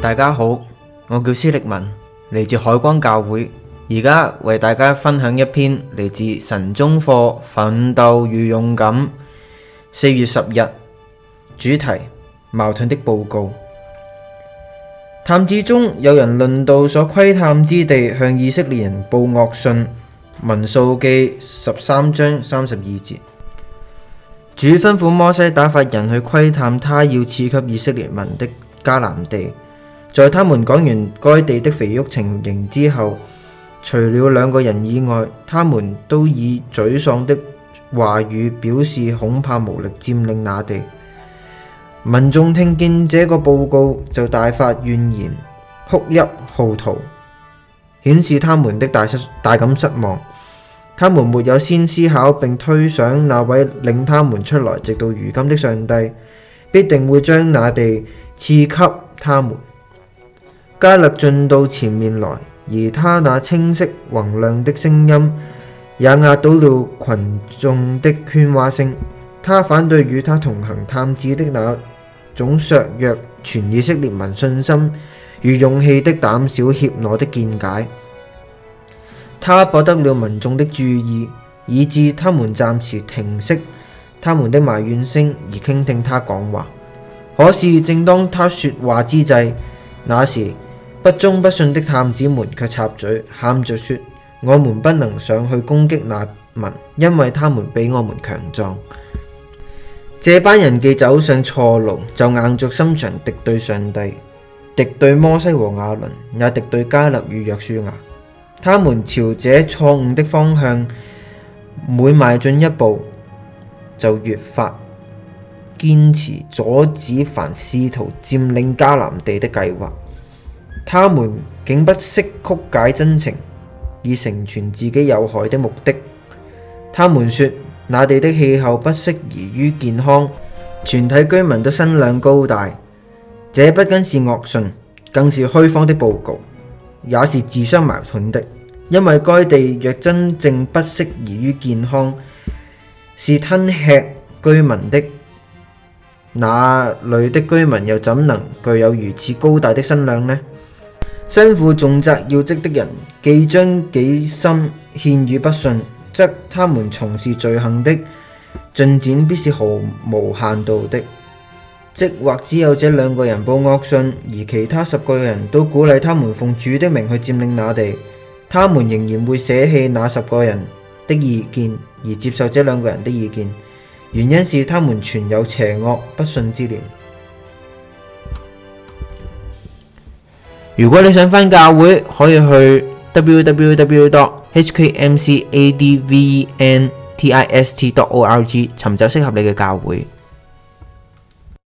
大家好，我叫施力文，嚟自海光教會，而家為大家分享一篇嚟自神中課《奮鬥與勇敢》，四月十日主題矛盾的報告。探子中有人論到所窺探之地，向以色列人報惡訊。民數記十三章三十二節。主吩咐摩西打發人去窺探他要賜給以色列民的迦南地，在他們講完該地的肥沃情形之後，除了兩個人以外，他們都以沮喪的話語表示恐怕無力佔領那地。民眾聽見這個報告就大發怨言、哭泣、號啕，顯示他們的大失、大感失望。他們沒有先思考並推想那位領他們出來直到如今的上帝必定會將那地賜給他們。加勒進到前面來，而他那清晰宏亮的聲音也壓倒了群眾的喧嘩聲。他反對與他同行探子的那種削弱全以色列民信心與勇氣的膽小怯懦的見解。他博得了民眾的注意，以致他們暫時停息他們的埋怨聲，而傾聽他講話。可是正當他說話之際，那時不忠不信的探子們卻插嘴，喊着說：我們不能上去攻擊那民，因為他們比我們強壯。這班人既走上錯路，就硬着心腸敵對上帝，敵對摩西和亞倫，也敵對加勒與約書亞。他們朝這錯誤的方向每邁進一步，就越發堅持阻止凡試圖佔領迦南地的計劃。他們竟不惜曲解真情，以成全自己有害的目的。他們說那地的氣候不適宜於健康，全體居民都身量高大。這不僅是惡訊，更是虛謊的報告。也是自相矛盾的，因為該地若真正不適宜於健康，是吞吃居民的，那裏的居民又怎能具有如此高大的身量呢？身負重責要職的人，既將己心獻予不信，則他們從事罪行的進展，必是毫無限度的。即或只有這兩個人報惡信，而其他十個人都鼓勵他們奉主的名去佔領那地，他們仍然會捨棄那十個人的意見，而接受這兩個人的意見，原因是他們存有邪惡不信之念。如果你想返教會，可以去 www.hkmcadvntist.org 尋找適合你嘅教會。